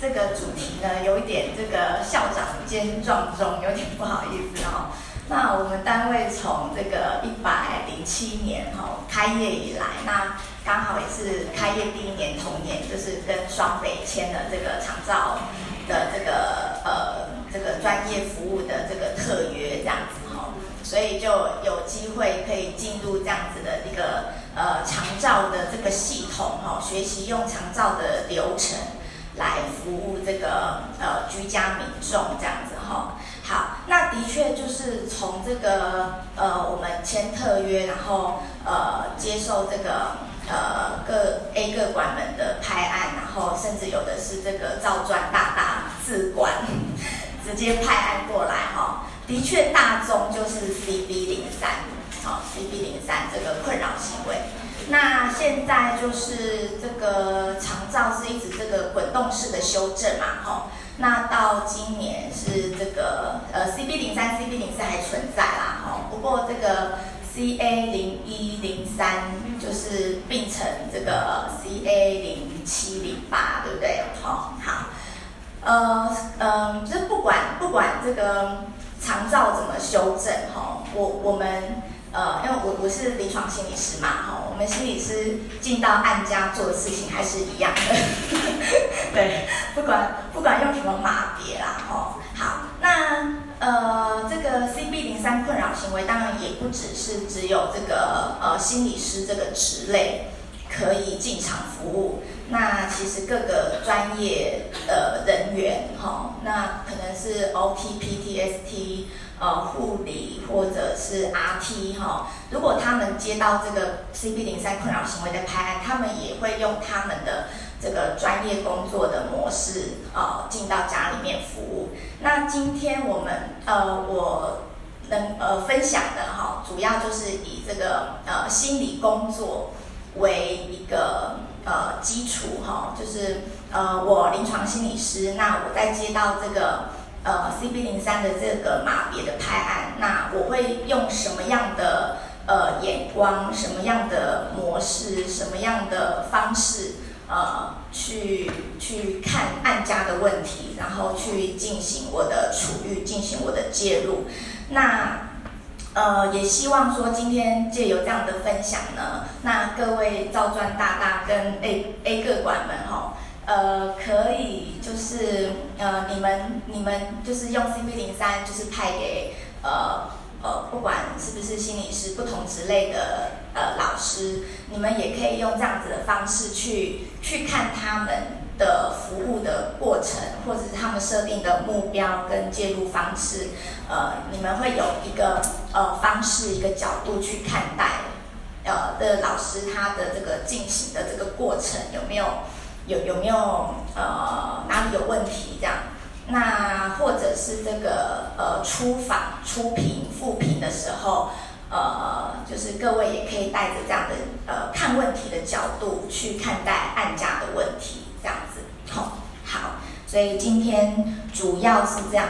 這個主題呢，有一點這個校長兼撞鐘，有點不好意思哦。那我們單位從這個一百零七年哈、哦、開業以來，那剛好也是開業第一年，同年就是跟雙北簽了這個長照的這個呃這個專業服務的這個特約這樣子哈、哦，所以就有機會可以進入這樣子的一個呃長照的這個系統哈、哦，學習用長照的流程。來服務這個呃居家民眾這樣子哈、哦，好，那的確就是從這個呃我們簽特約，然後呃接受這個呃各 A 個管們的派案，然後甚至有的是這個照專大大照管直接派案過來哈、哦，的確大宗就是 CB 零三、哦，好 CB 零三這個困擾行那現在就是這個長照是一直這個滾動式的修正嘛，哈。那到今年是這個呃，CB 零三、CB 零四還存在啦，哈。不過這個 CA 零一零三就是變成這個 CA 零七零八，對不對？哈，好。呃，嗯、呃，就是不管不管這個長照怎麼修正，哈，我我們。呃，因為我我是臨床心理師嘛，哈，我們心理師進到案家做的事情還是一樣的， 對，不管不管用什麼碼別啦，哈，好，那呃，這個 CB 零三困擾行為，當然也不只是只有這個呃心理師這個職類可以進場服務，那其實各個專業呃人員，哈、哦，那。是 OT、PT、ST，呃，護理或者是 RT 哈、哦。如果他們接到這個 CB03 困擾行為的拍案，他們也會用他們的這個專業工作的模式，呃，進到家裡面服務。那今天我們，呃，我能呃分享的哈、哦，主要就是以這個呃心理工作為一個呃基礎哈、哦，就是呃我臨床心理師，那我在接到這個。呃，CB 零三的這個馬別的派案，那我會用什麼樣的呃眼光，什麼樣的模式，什麼樣的方式，呃，去去看案家的問題，然後去進行我的處遇，進行我的介入。那呃，也希望說今天借由這樣的分享呢，那各位照專大大跟 A A 個管們哈、哦。呃，可以，就是呃，你們你們就是用 CB03，就是派給呃呃，不管是不是心理師不同職類的呃老師，你們也可以用這樣子的方式去去看他們的服務的過程，或者是他們設定的目標跟介入方式，呃，你們會有一個呃方式一個角度去看待呃的老師他的這個進行的這個過程有沒有？有有沒有呃哪裡有問題這樣？那或者是這個呃出訪出評複評的時候，呃就是各位也可以帶着這樣的呃看問題的角度去看待案家的問題，這樣子。好、哦，好，所以今天主要是這樣。